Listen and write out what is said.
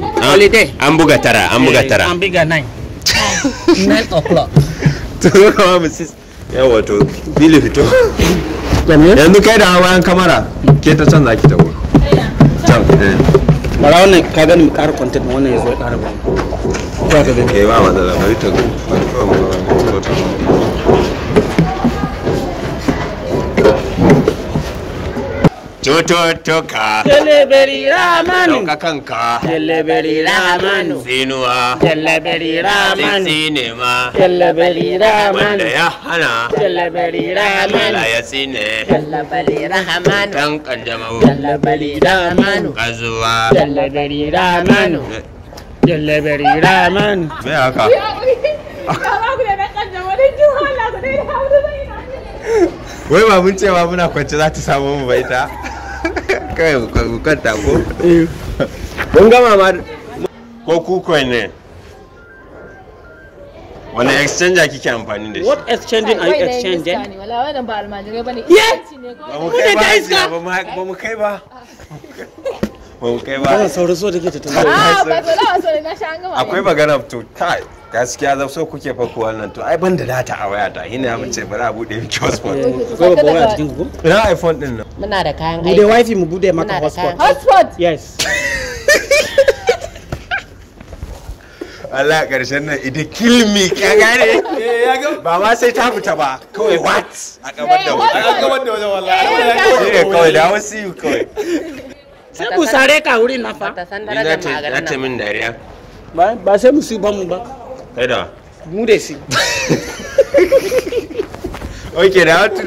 Ah, holiday an buga tara an buga eh, tara an buga 9 o'clock to bili fito yanzu kai da kamara ke ta ta wuri can eh. wannan ka gani mu kara content wannan ya ya kara ba ba ta Tututuka. Jaleberi Ramanu. Ɗauka kanka. Jaleberi Ramanu. Zinuwa. Jaleberi Ramanu. Sinema. Jaleberi Ramanu. Wanda ya hana. Jaleberi Ramanu. Allah ya sine. Jaleberi Ramanu. Dan kanjamau. Jaleberi Ramanu. Kazuwa. Jaleberi Ramanu. Jaleberi eh. Ramanu. Me haka? Wai ba mun cewa muna kwance za ta samu mu baita? kai ku kanta ko eh. mun gama ma ko ne wani exchanger kike amfani da shi what exchanging are you exchanging wala ba almajirai bane ba mu kai ba ba mu kai ba ba ah, akwai magana to gaskiya zan so kuke fa ku wannan to ai ban da data a wayata ina mun ce bari a bude miki hotspot ko ba waya cikin ku ina iphone din nan muna da kayan aiki dai wifi mu bude maka hotspot hotspot yes Allah karshen nan ida kill me ka gane eh, ba ma sai ta fita ba kawai what a gaban da eh, wani a gaban da wani eh, wallahi kawai da wani see you kawai sai ku sare ka wurin na fa ina ta min dariya ba sai mu ba Era. Muresi. Oikein näytti.